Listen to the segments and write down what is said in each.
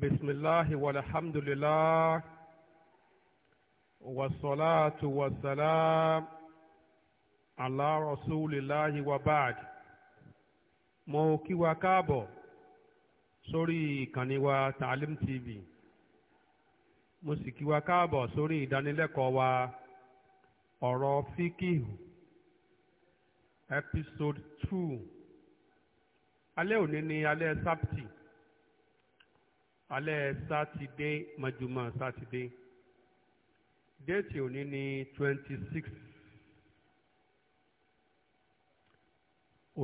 بسم الله والحمد لله والصلاة والسلام على رسول الله وبعد mo kí wa káàbọ̀ sórí ìkànnì wa Taalim TV mo sì kí wa káàbọ̀ sórí ìdánilẹ́kọ̀ọ́ wa ọ̀rọ̀ fíkìhù episode two alẹ́ òní ni alẹ́ sábtì alẹ́ sátidé mọ́júmọ́ sátidé déètì òní ní twenty six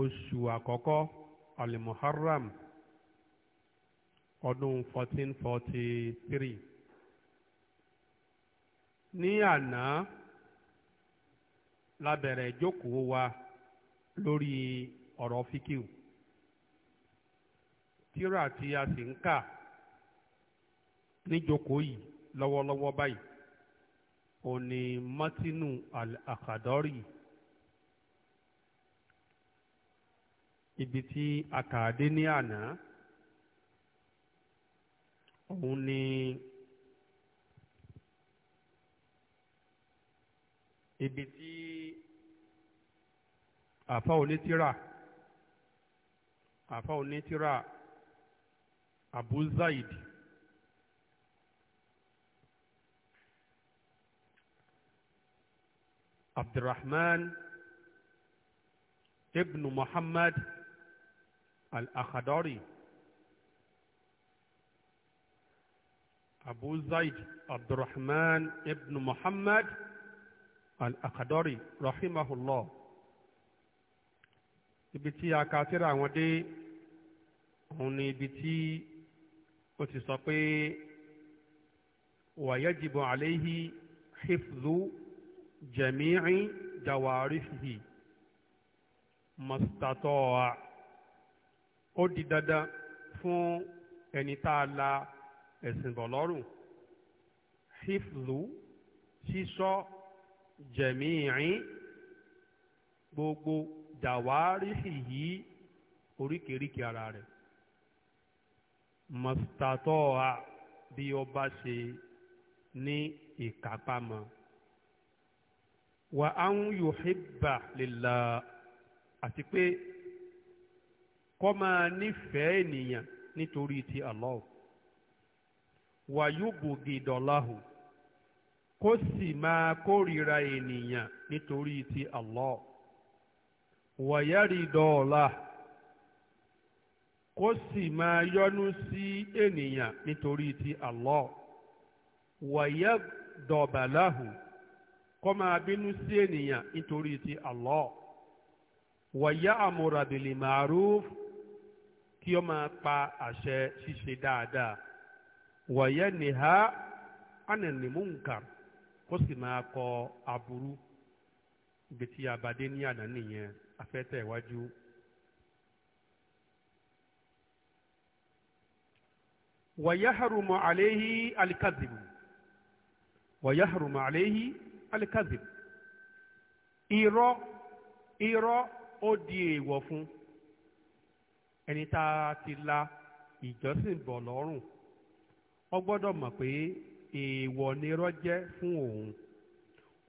oṣù àkọ́kọ́ alimuharram ọdún fourteen forty three ní àná wa lórí ọ̀rọ̀ fíkìw tíra tí a sì ń kà. níjókòó yìí lọ́wọ́lọ́wọ́ báyìí òun ni martinu al-akadori ibi tí akàdé ní àná òun ni ibi tí àfa onítìrà àfa onítìrà abu عبد الرحمن ابن محمد الأخضري أبو زيد عبد الرحمن ابن محمد الأخضري رحمه الله ibi tí a ka dé òun ni ibi tí ó ti sọ pé wàyẹ́jìbọn hifzu جميع جوارحه ما استطاع ó di dandan fún ẹni tá a la ẹ̀sìn bọ̀ lọ́rùn hiflu sísọ jẹ̀míìrín gbogbo dàwárìsì yìí oríkèéríkèé ara rẹ̀ mọ̀sítàtọ́ bí ọba ṣe ní ìkápámọ́. wa an ń yuhibba lillah àti pé kó máa nífẹ̀ẹ́ eniyan nitori ti Allah wa yubghida lahu ko si ma korira eniyan nitori ti Allah Wa yarida lahu ko si ma yọ́nú sí ènìyàn nítorí ti Allah wa yaghdaba lahu kó máa bínú sí ènìyàn nítorí ti Allah wọ̀yá àmúradìlì màrúf kí ó máa pa àṣẹ ṣíṣe dáadáa wọ̀yá nìhá ánìmúǹkà kó sì máa kọ aburú ibi tí abadé ní àná nìyẹn afẹ́tẹ̀ iwájú. wọ̀yá harumu àléhí alikadibu wọ̀yá harumu àléhí alikazib irọ́ irọ́ ó di èèwọ̀ fún ẹni tá a ti la ìjọsìn bọ̀ lọ́rùn ó gbọ́dọ̀ mọ̀ pé èèwọ̀ ni irọ́ jẹ́ fún òun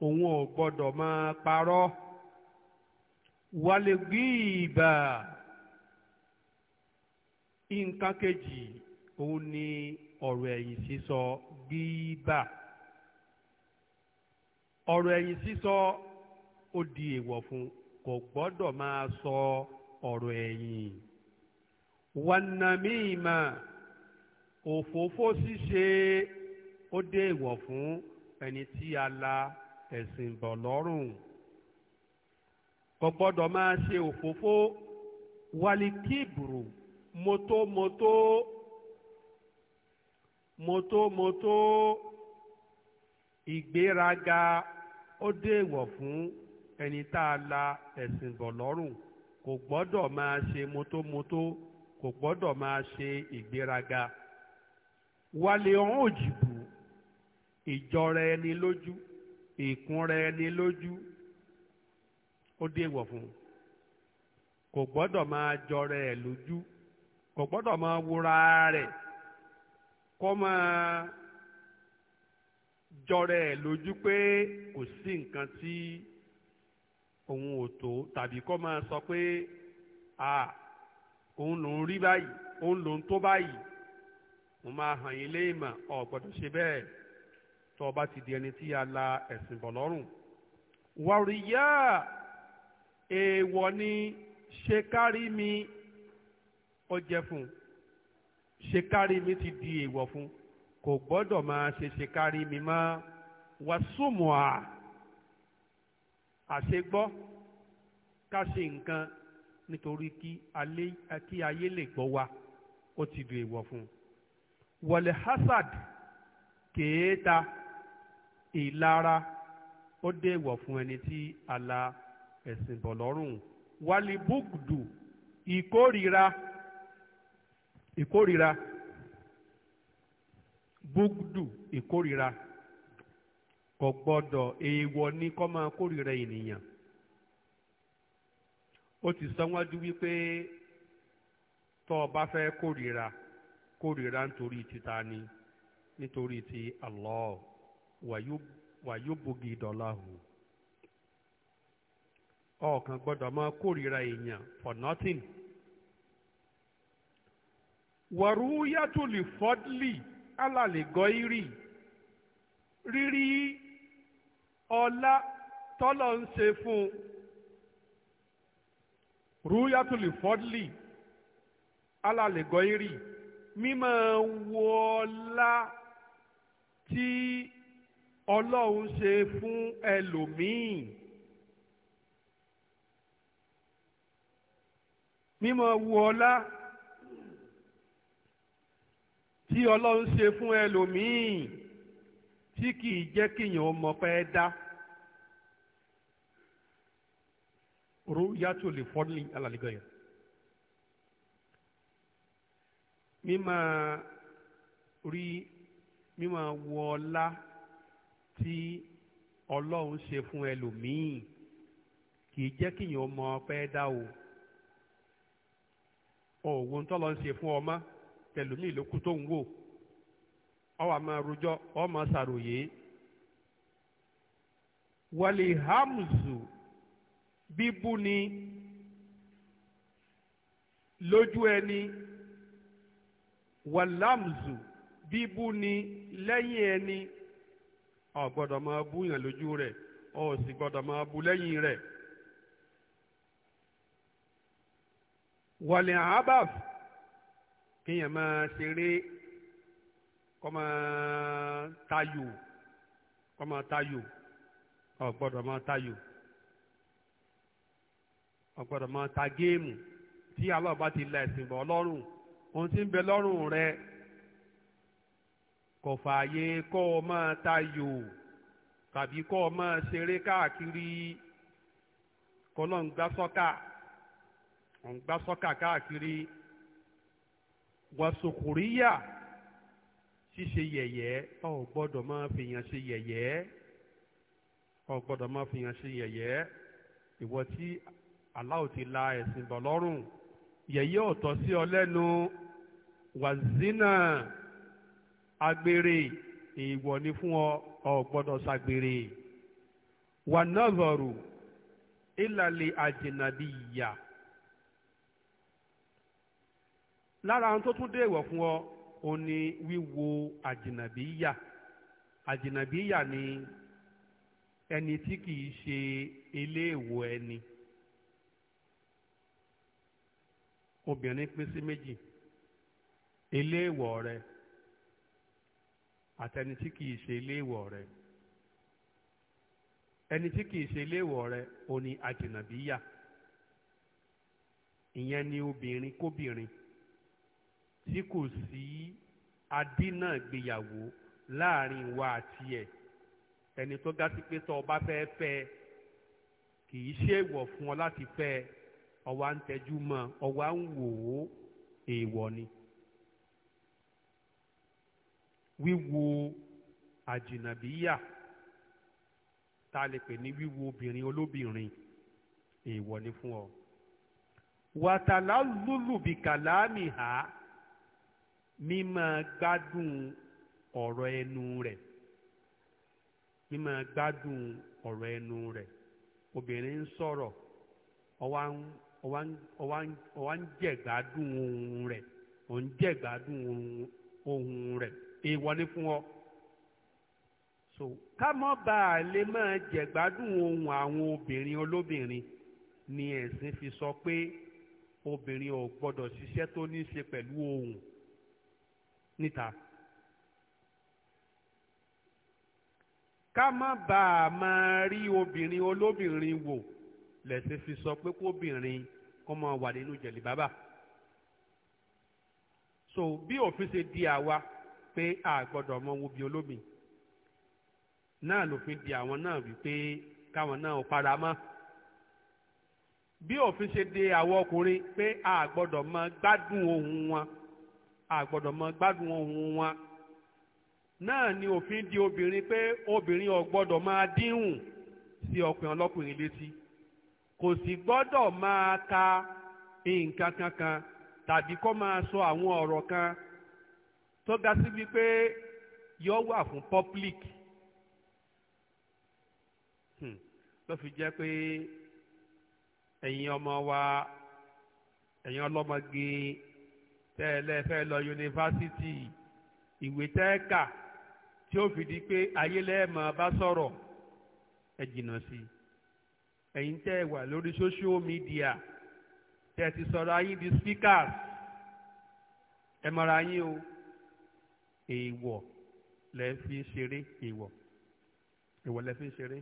òun ò gbọ́dọ̀ máa parọ́ wàlẹ̀ ni ọ̀rọ̀ ẹ̀yìn sísọ ọ̀rọ̀ ẹ̀yìn sísọ ó di èèwọ̀ fún kò gbọ́dọ̀ máa sọ ọ̀rọ̀ ẹ̀yìn wànàmíìmà òfófó ṣíṣe ó dé èèwọ̀ fún ẹni tí a la ẹ̀sìn bọ̀ lọ́rùn kò gbọ́dọ̀ máa ṣe òfófó walikibru mọ́tòmọ́tò mọ́tòmọ́tò ìgbéraga ó déèwọ̀ fún ẹni tá a la ẹ̀sìn bọ̀ lọ́rùn kò gbọ́dọ̀ máa ṣe mótómótó kò gbọ́dọ̀ máa ṣe ìgbéraga wàlẹ̀ ọ̀hún òjìbù ìjọra ẹni lójú ìkúnra ẹni lójú ó déèwọ̀ fún kò gbọ́dọ̀ máa jọra ẹ̀ lójú kò gbọ́dọ̀ máa wúra rẹ̀ kó máa jọrẹ ẹ̀ lójú pé kò sí nǹkan tí òun ò tó tàbí kó máa sọ pé à òun lòún rí báyìí òun lòún tó báyìí mo máa hàn yín lé ìmọ̀ ọ̀ ṣe bẹ́ẹ̀ tó o ti di ẹni tí a la ẹ̀sìn bọ̀ lọ́rùn. wàríyá èèwọ̀ ni ṣe kárí mi ó jẹ fún ṣe kárí mi ti di èèwọ̀ fún kò gbọ́dọ̀ máa ṣe ṣe kárí mi mọ́ wàsúmùà àṣegbọ́ ká ṣe nǹkan nítorí kí ayé lè gbọ́ wa ó ti du èèwọ̀ fún un wọlé hasad kèéta ìlara ó dé èèwọ̀ fún ẹni tí ala ẹ̀sìn bọ̀ lọ́rùn wálé ìkórira ìkórira búgdù ìkórira kò gbọ́dọ̀ èèwọ̀ ni kó máa kórira ènìyàn ó ti sanwájú wípé tó o bá fẹ́ kórira kórira nítorí títa ni nítorí ti Allah wàyúbùgì dọ̀láhù ọ̀kan gbọ́dọ̀ máa kórira èèyàn for nothing wàrúyàtò lè fọ́dlì. alàlẹ́gọ́írì rírí ọlá tọ́lọ̀ ń ṣe fún un rúyàtúlì fọ́dlì alàlẹ́gọ́írì mímọ́ wo ọlá tí ọlọ́run ṣe fún ẹlòmíì. mímọ́ wo ọlá tí ọlọ́run ṣe fún ẹlòmíì tí kìí jẹ́ kíyàn ọmọ pẹ́ dá ru yàtò lè fọ́nlì alàlẹ́gàn yẹn. mímọ rí mímọ wọ ọlá tí ọlọ́run ṣe fún ẹlòmíì kìí jẹ́ kíyàn ọmọ pẹ́ dá o. òògùn tọ́lọ́ ń ṣe fún ọmọ lẹ́lòmíì ló kú tó ń wò ọwọ́ àmọ́ rojọ́ ọmọ sàròyé wàlẹ̀ hamzu bíbú ni lójú ẹni wàlámzù bíbú ni lẹ́yìn ẹni ò máa bú yàn lójú rẹ̀ ò sì máa bú lẹ́yìn rẹ̀ wàlẹ̀ abaf kéèyàn máa ṣeré kó máa tayò kó máa tayò ó gbọ́dọ̀ máa tayò ó gbọ́dọ̀ máa ta géèmù tí aláwọ̀ bá ti la ẹ̀sìn bọ̀ lọ́rùn ohun tí ń bẹ lọ́rùn rẹ kò fààyè kó o máa tayò tàbí kó o máa ṣeré káàkiri kó lọ́n gbá sọ́kà ọ̀n gbá sọ́kà káàkiri wàsókòríyà ṣíṣe yẹ̀yẹ́ ọ gbọ́dọ̀ máa fi yàn ṣe yẹ̀yẹ́ ọ gbọ́dọ̀ máa fi yàn ṣe yẹ̀yẹ́ ìwọ tí Allah ti la ẹ̀sìn bọ̀ lọ́rùn yẹ̀yẹ́ ọ̀tọ̀ sí ọ lẹ́nu wàzínà agbèrè èèwọ̀ ni fún ọ ọ gbọ́dọ̀ ṣàgbèrè wà náà àjìnàbí ìyà. lára ohun tó tún dé ìwọ̀ fún ọ ò ní wíwo àjìnàbíyà àjìnàbíyà ni ẹni tí kìí ṣe eléèwọ̀ ẹni obìnrin pín sí méjì eléèwọ̀ rẹ àtẹni tí kìí ṣe eléèwọ̀ rẹ ẹni tí kìí ṣe eléèwọ̀ rẹ ò ní àjìnàbíyà ìyẹn ni obìnrin kóbìnrin. tí kò sí adínà gbéyàwó láàrin wa àti ẹ̀ ẹni tó ga sí pé tó o bá fẹ́ fẹ́ ẹ kì í ṣe èèwọ̀ fún ọ láti fẹ́ ẹ ń tẹjú mọ́ ọwọ́ ń wò ó èèwọ̀ ni. wíwo àjìnàbíyà tá a lè pè ní wíwo obìnrin olóbìnrin èèwọ̀ ni fún ọ. wàtàlá lùlù bìkàlámì hà á. mímọ́ gbádùn ọrọ ẹnu rẹ mímọ́ gbádùn ọrọ ẹnu rẹ obìnrin ń sọ̀rọ̀ ọwá ń jẹ̀gbádùn ohun rẹ̀ òun jẹ̀gbádùn ohun rẹ èèwọ̀ ni fún ọ. so bá a lè máa jẹ̀gbádùn ohun àwọn obìnrin olóbìnrin ni ẹ̀sìn fi sọ pé obìnrin ò gbọ́dọ̀ ṣiṣẹ́ tó ní í ṣe pẹ̀lú ohun. níta. ká má bàa máa rí obìnrin olóbìnrin wò lẹ̀sẹ̀ fi sọ pé kóbìnrin kó máa wà nínú jẹ̀lì bábà. so bí òfin ṣe di àwa pé a gbọ́dọ̀ mọ wo bí olómi náà lòfin di àwọn náà wípé káwọn náà ò para mọ́. bí òfin ṣe di àwọn ọkùnrin pé a gbọ́dọ̀ mọ gbádùn ohun wọn àgbọ̀dọ̀ mọ gbádùn ohun wọn náà ni òfin di obìnrin pé obìnrin ò ma máa díhùn sí ọkùnrin ọlọ́kùnrin létí kò sì gbọ́dọ̀ máa ka nǹkan kankan tàbí kó máa sọ àwọn ọ̀rọ̀ kan tó ga sí wípé yọ wà fún public hmm. ló fi jẹ́ pé ẹ̀yin ọmọ wa ẹ̀yin ọlọ́mọge tẹ́ẹ̀lẹ́ fẹ́ lọ yunifásitì ìwé tẹ́ẹ̀kà tí ó fi di pé ayé lẹ́ẹ̀mọ́ bá sọ̀rọ̀ ẹ jìnnà sí i ẹ̀yin tẹ́ ẹ wà lórí social media tẹ́ ẹ ti sọ̀rọ̀ ayé di speakers ẹ mọ̀ra yín o èèwọ̀ lẹ́ fi ń ṣeré èèwọ̀ èèwọ̀ lẹ́ fi ń ṣeré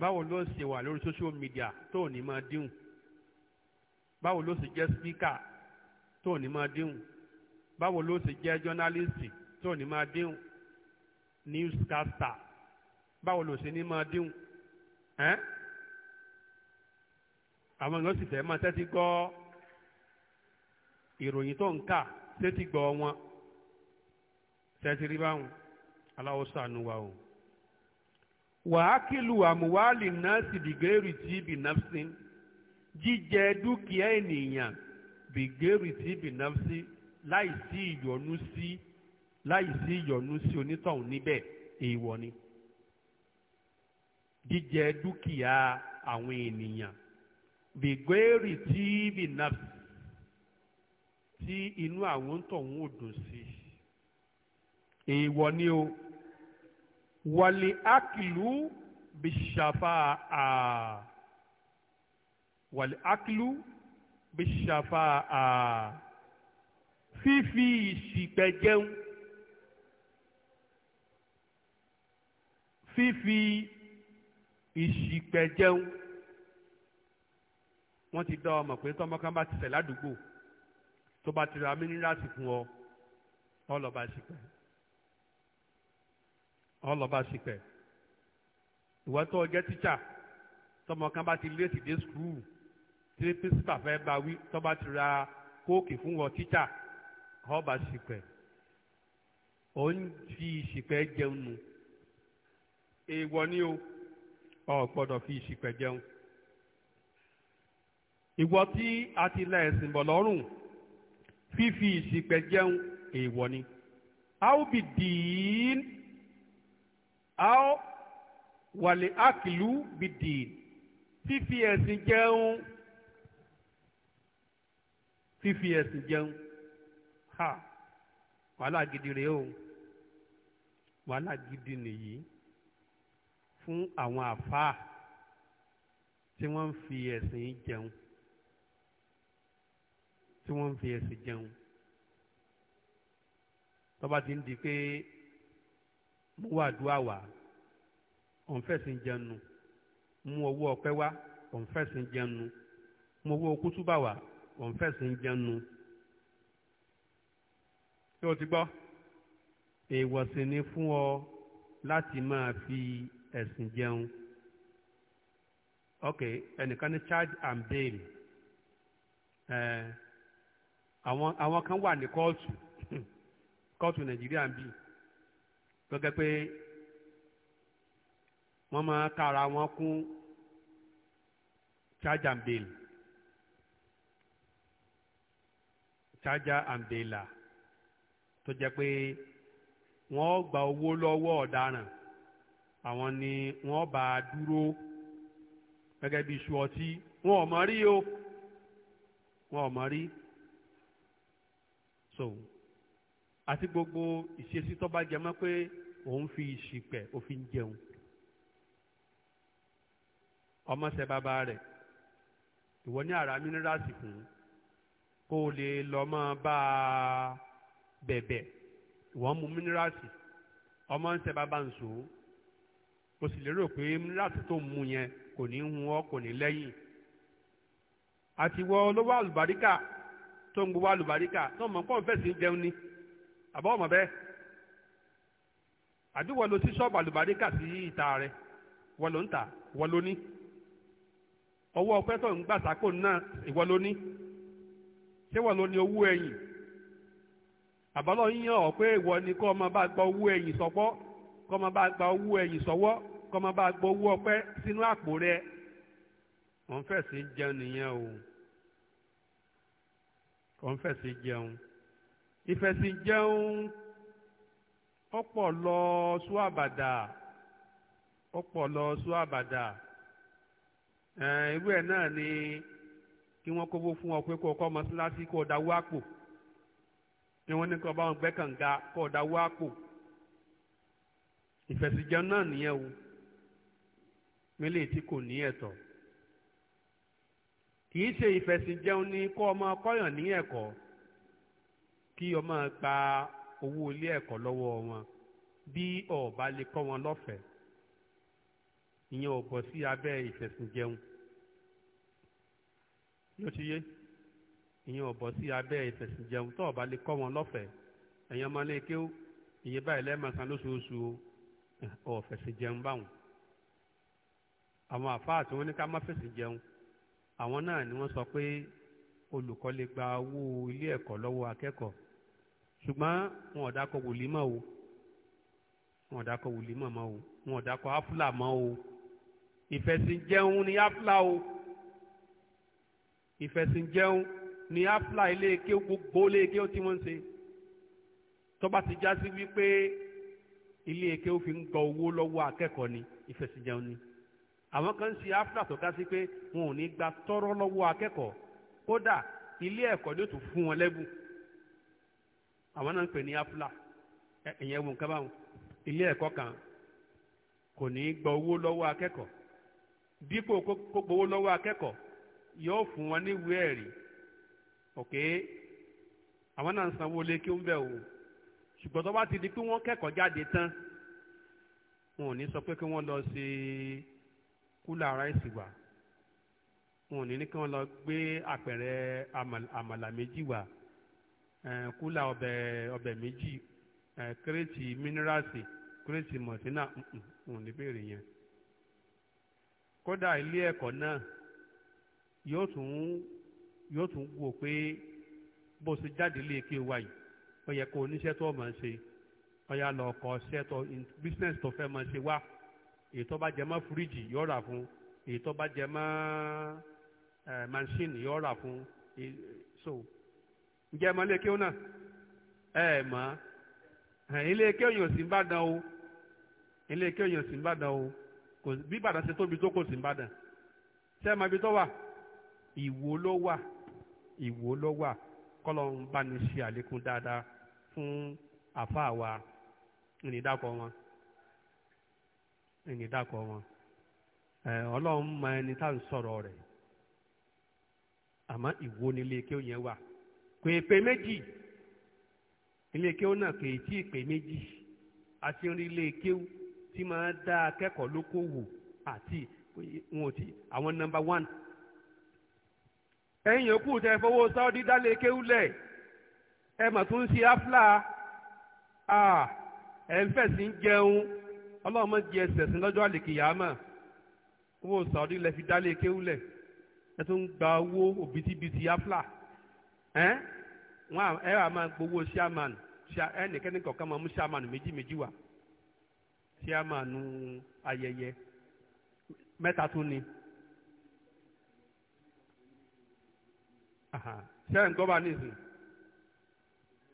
báwo ló ṣe wà lórí social media tó ò ní máa díhùn báwo ló sì jẹ́ speaker tó ní máa déhùn báwo ló ṣe jẹ́ jọ́nálìsì tó ní máa déhùn newscaster báwo ló ṣe ní máa déhùn ẹ́n àwọn èèyàn sì fẹ́ máa tẹ́tí gbọ́ ìròyìn tó ń kà tẹ́tí gbọ́ wọn tẹ́tí rí báwọn aláwọ̀ sànù wa o wàákìlù àmúwálì náà sì dìgẹ́rì tí bìnàfsìn jíjẹ dúkìá ènìyàn bìgẹ́rì tí bìnàmsí láì sí ìyọnu sí láì sí ìyọnu sí onítọ̀hún níbẹ̀ èèwọ̀ ni jíjẹ dúkìá àwọn ènìyàn bìgẹ́rì tí bìnàmsí tí inú àwọn tọ̀hún ò dùn sí èèwọ̀ ni o wàlí ákìlú bìṣàfà àà wàlí ákìlú bíṣàfà à fífi ìṣìpẹ̀ jẹun fífi ìṣìpẹ̀ jẹun wọ́n ti dá ọmọ pé tọ́mọ kan bá ti ṣẹ̀ ládùúgbò tó bá ti ra mínírààtì fún ọ ọlọ́ba ṣìpẹ̀ ọlọ́ba ṣìpẹ̀ ìwọ́n tó jẹ́ tíṣà tọ́mọ bá ti léètì dé sùkúrù tí pírísítà fẹ́ bá wí tó bá ti ra kóòkì fún wọn títà ọba ṣìpẹ̀ ò ń fi ìṣìpẹ̀ jẹun nù èèwọ̀ ni o ò gbọ́dọ̀ fi ìṣìpẹ̀ jẹun ìwọ tí a ti la ẹ̀sìn bọ̀ lọ́rùn fífi ìṣìpẹ̀ jẹun èèwọ̀ ni a ó bì dìín a ó wàlẹ̀ àkìlú bì dìín fífi ẹ̀sìn jẹun fífi ẹ̀sìn jẹun ha wàhálà gidi rèé o wàhálà gidi nìyí fún àwọn àfáà tí wọ́n ń fi ẹ̀sìn jẹun tí wọ́n ń fi ẹ̀sìn jẹun tọ́ba ti ń di pé mú wàdúrà wá òǹfẹ̀sìn jẹun nù mú owó ọpẹ́ wá òǹfẹ̀sìn jẹun nù mú owó kútúbà wá òun fẹ̀sìn jẹnu tí o ti gbọ́ èèwọ̀ sì ni fún ọ láti máa fi ẹ̀sìn jẹun ok ẹnìkan ní charge and bail ẹ àwọn àwọn kan wà ní kóòtù kóòtù nàìjíríà ń bì gẹ́gẹ́ pé wọ́n máa kára wọn kún charge and bail. charger and bailer tó jẹ́ pé wọ́n gba owó lọ́wọ́ ọ̀daràn àwọn ni wọ́n bá a dúró gẹ́gẹ́ bí iṣu ọtí wọn ò mọ̀ rí o wọn ò mọ̀ rí so àti gbogbo ìṣesí tó bá jẹ mọ́ pé òun fi ìṣìpẹ̀ òfin jẹun ọmọ ṣe bàbá rẹ̀ ìwọ ní ara mínírààsì fún un o lè lọ mọ́ bá a bẹ̀bẹ̀ wọ́n mu mínírààtì ọmọ ń tẹ bàbá ń so o sì lérò pé mínírààtì tó mu yẹn kò ní hun ọ kò ní lẹ́yìn àtiwọ́ olówó àlùbáríkà tó ń gbowó àlùbáríkà tó mọ̀ pọ́n fẹ̀sì jẹun ni àbọ̀ ọmọ bẹ́ẹ̀ àdúgbò lo sí ṣọ́ọ̀bù àlùbáríkà sí ìta rẹ̀ wọ́n ló ń tà wọ́n ló ní ọwọ́ ọpẹ́ ń gbà sákò náà ìwọ ló ní ṣé wọ́n ló ní owó ẹ̀yìn àbálọ̀ yíyan ọ̀ pé ìwọ ni kọ́ ọmọ bá gba owó ẹ̀yìn sọ́pọ́ kọ́ ọmọ bá gba owó ẹ̀yìn sọ́wọ́ kọ́ ọmọ bá gba owó ọpẹ́ sínú àpò rẹ̀ wọ́n fẹ̀sí jẹun nìyẹn o wọ́n fẹ̀sí jẹun ìfẹ̀sí jẹun ọ̀pọ̀ lọ sún àbàdà ọ̀pọ̀ lọ sún àbàdà irú ẹ̀ náà ni kí wọ́n kówó fún ọ pé kó o kọ́ mọ́ṣáláṣí kó o dáwó àpò kí wọ́n ní kó o bá wọn gbẹ́ kànga kó o dáwó àpò ìfẹ̀sìjẹun náà nìyẹn o mílíọ̀nù tí kò ní ẹ̀tọ́ kì í ṣe ìfẹ̀sìjẹun ni kó ọmọ kọ́yàn ní ẹ̀kọ́ kí ọmọ gba owó ilé ẹ̀kọ́ lọ́wọ́ wọn bí ọ̀ọ́ba lè kọ́ wọn lọ́fẹ̀ẹ́ ìyẹn ò bọ́ sí abẹ́ ìfẹ̀sìjẹun ló ti yé ìyẹn ò bọ́ sí abẹ́ ìfẹ̀sìnjẹun tó ọba lè kọ́ wọn lọ́fẹ̀ẹ́ ẹ̀yin ọmọ ilé kéwú iye báyìí lẹ́ẹ̀mọ́sán lóṣooṣù ọ̀ fẹ̀sìnjẹun báwọn àwọn àfáà tí wọ́n ní ká má fẹ̀sìnjẹun àwọn náà ni wọ́n sọ pé olùkọ́ lè gba owó ilé ẹ̀kọ́ lọ́wọ́ akẹ́kọ̀ọ́ ṣùgbọ́n wọn ò dákọ̀ wòlímọ̀ o wọn ò dákọ̀ wòlímọ̀ mọ́ o wọn ò dákọ̀ áfúlà mọ́ o ìfẹ̀sìnjẹun ni áfúlà o ìfẹ̀sìnjẹun ní áfíà iléeké gbogbo iléeké tí wọ́n ń ṣe tó bá ti já sí wípé iléeké ó fi ń gba owó lọ́wọ́ akẹ́kọ̀ọ́ ni ìfẹ̀sìnjẹun ni àwọn kan ń ṣe áfíà tó ká sí pé wọn ò ní gba tọ́rọ lọ́wọ́ akẹ́kọ̀ọ́ kódà ilé ẹ̀kọ́ ni ó tún fún wọn lẹ́bùn àwọn náà ń pè ní áfíà ẹ̀yẹ̀ wò nǹkan báwọn ilé ẹ̀kọ́ kan kò ní gba owó lọ́wọ́ akẹ́kọ̀ọ́ dípò kó gbowó lọ́wọ́ akẹ́kọ̀ọ́ yóò fún wọn ní ìwé ẹ̀rí ok àwọn náà ń sanwó lé kí ń bẹ̀ o ṣùgbọ́n tó bá ti di pé wọ́n kẹ́kọ̀ọ́ jáde tán wọn ò ní sọ pé kí wọ́n lọ ṣe kúlà ráìsì wá wọn ò ní ní kí wọ́n lọ gbé àpẹẹrẹ àmàlà méjì wá kúlà ọbẹ̀ ọbẹ̀ méjì kírètì mínírààsì kírètì mọ̀tínà wọn ò ní béèrè yẹn kódà ilé ẹ̀kọ́ náà yóò tún yóò tún wò pé bó ṣe jáde lè ké wa yìí ó yẹ kó oníṣẹ́ tó máa ṣe ó yá lọ kọ́ ṣẹ́ tó business tó fẹ́ máa ṣe wá èyí tó bá jẹ mọ́ fíríjì yóò rà fún èyí tó bá jẹ mọ́ machine yóò rà fún so ǹjẹ́ ẹ mọ̀ ilé kéwọ́n náà ẹ ẹ mọ̀ ilé kéwọ́n yóò sì ń bàdàn o ilé kéwọ́n yóò sì ń bàdàn o bí Ìbàdàn ṣe tóbi tó kò sì ń bàdàn ṣé ẹ mọ̀ ibi tó wà ìwò ló wà ìwò ló wà kọ́lọ́n bá ní ṣe àlékún dáadáa fún àfáà wa ìnìdákọ̀ wọn ìnìdákọ̀ wọn ọlọ́run mọ ẹni tá à ń sọ̀rọ̀ rẹ̀ àmọ́ ìwò nílé kí ó yẹn wà kò è pé méjì ilé kéwú náà kò tí ì pé méjì àti orí ilé kéwú tí máa dá akẹ́kọ̀ọ́ lókòwò àti wọn ò tí àwọn nọ́mbà one ẹ̀yin yòókù tẹ fowó sáúdí dálé kéwúlẹ̀ ẹ mà tún ṣe áfúlà ẹ ń fẹ̀sìn jẹun ọlọ́run mọ̀ jẹ ẹsẹ̀sìn lọ́jọ́ àlèkìyàmà owó sáúdí lẹ fi dálé kéwúlẹ̀ ẹ tún gba owó òbítíbitì áfúlà ẹ wọn ẹ wà máa gbowó ṣíàmánù ẹnìkẹ́ni kọ̀ọ̀kan máa mú ṣíàmánù méjì méjì wá ṣíàmánù ayẹyẹ mẹ́ta tún ni. sẹ́yìn gbọ́ bá nísìn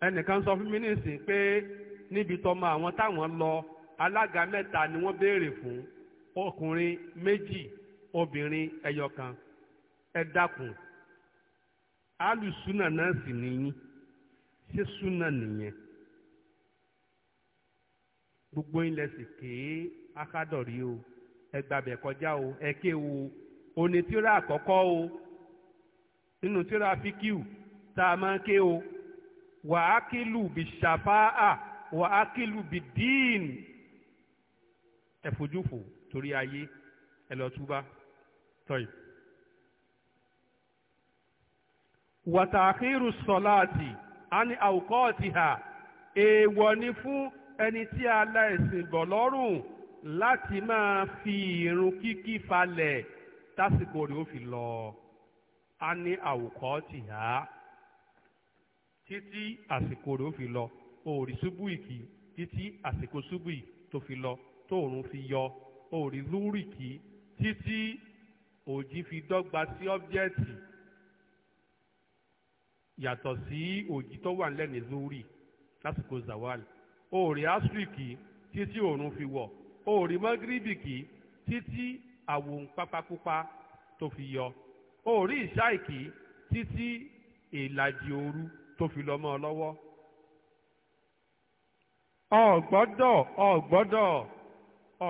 ẹnìkan sọ fún mi nísìn pé níbi tọmọ àwọn táwọn lọ alága mẹ́ta ni wọ́n béèrè fún ọkùnrin méjì obìnrin ẹyọkan ẹ dákun alùsùnà náà sì nìyí ṣé súnà nìyẹn gbogbo ilẹ̀ sì ké akádọ̀rí o ẹ kọjá o ẹ o onítìrà àkọ́kọ́ o nínú tíráfíkìú tá a máa ń ké o wà á kílù bí ṣàfáà wà á kílù bí díìn ẹ fojú fò torí ayé ẹ lọ túbá tọ́yì. wàtàkìrù sọláàtì á ní àwòkọ́ọ̀tì hà èèwọ̀ ni fún ẹni tí aláìsìn bọ̀ lọ́rùn láti máa fi ìrun kíkí falẹ̀ tásìkò rẹ̀ ó fi lọ á ní àwòkọ́ tì á títí àsìkò rẹ̀ ó fi lọ òòrì ṣubú ìkì títí àsìkò ṣubú ì tó fi lọ tóòrùn fi yọ òòrì lúrì kì títí òjì fi dọ́gba sí ọ́bjẹ́tì yàtọ̀ sí òjì tó wà lẹ́ni lúrì lásìkò zawal òòrì asrìkì títí òòrùn fi wọ̀ òòrì mọ́gírìbìkì títí àwòǹpápákúpá tó fi yọ o ò rí ìṣáìkì títí ìlàjì òru tó fi lọ mọ́ ọ lọ́wọ́ ọ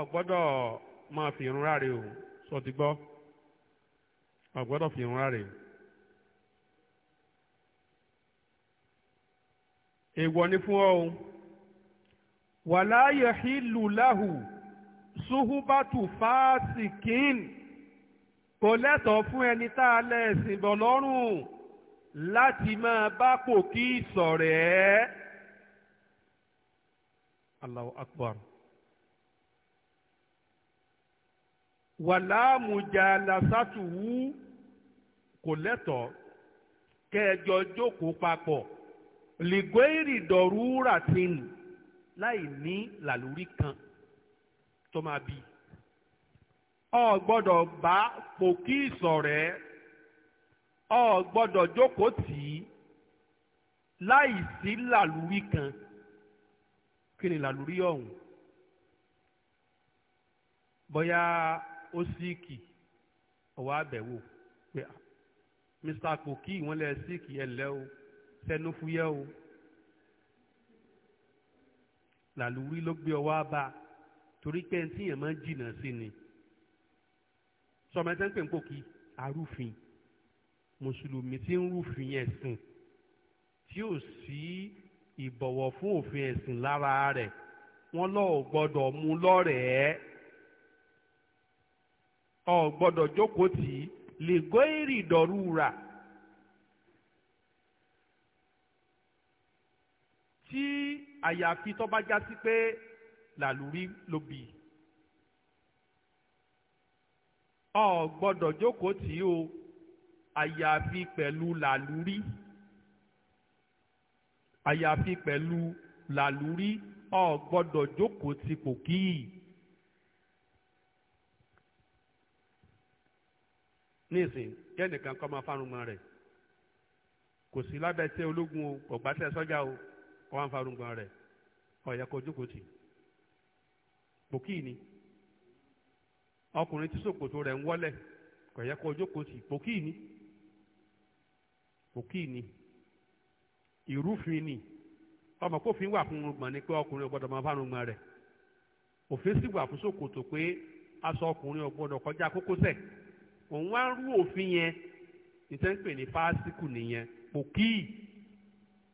gbọ́dọ̀ ọ máa fi irun ráre o sọ gbọ́ ọ gbọ́dọ̀ fi irun ráre. èèwọ̀ ni fún ọ wàláyé hìlù láhù súhùbátù fásikìn kò lẹ́tọ̀ọ́ fún ẹni tá a lẹ́sìn bọ̀ lọ́rùn láti máa bá pò kí ìsọ̀rẹ́. Allahu akbar. wàlámùjà làṣàtúwú kò lẹ́tọ̀ọ́ kẹjọ jókòó papọ̀ lìgóìrì dọ̀rúrà tìǹ láì ní làlórí kan tó máa bíi ọ gbọ́dọ̀ bá pòkí ìsọ̀rẹ́ ọ gbọ́dọ̀ jókòó tì í láì sí làlúrí kan kí ni làlúrí ọ̀hún bóyá ó síìkì ọwọ́ àbẹ̀wò pé mr pòkí wọ́n lẹ síìkì ẹ lẹ́ o sẹ́nu fúyẹ́ o làlúrí ló gbé ọwọ́ àbá torí pé ẹni tí yẹn máa ń jìnnà sí ni sọmọ ẹtẹ ń pè ń pò kí arúfin mùsùlùmí tí ń rúfin ẹ̀sìn tí ò sí ìbọ̀wọ̀ fún òfin ẹ̀sìn lára rẹ̀ wọ́n lọ ò gbọ́dọ̀ mú lọ́rẹ̀ẹ́ ọ gbọ́dọ̀ jókòó tì í lè gó èrè ìdọ̀rúra tí àyàfi tó bá já sí pé làlùrí ló bì í. ọ jókòó tì o àyàfi pẹ̀lú làlúrí àyàfi pẹ̀lú làlúrí ọ gbọ́dọ̀ jókòó tì pòkì. nísìn kí ẹnìkan kọ́ máa fárùnmọ́ rẹ̀ kò sí lábẹ́ tẹ́ ológun o kò gbà tẹ́ sọ́jà o kọ́ máa fárùnmọ́ rẹ̀ ó yẹ kó jókòó tì pòkì ni ọkùnrin tí ṣòkòtò rẹ̀ ń wọ́lẹ̀ kò yẹ kó jókòó sí pòkì ni pòkì ni ìrúfin ni ọmọ kófin wà fún irùngbọ̀n ni pé ọkùnrin ọgbọ́dọ̀ máa bá irùngbọ̀n rẹ̀ òfin sì wà fún ṣòkòtò pé aṣọ ọkùnrin ọgbọ́dọ̀ kọjá kókósẹ̀ òun wá rú òfin yẹn ìtẹ́ńpè ní fásikù nìyẹn pòkì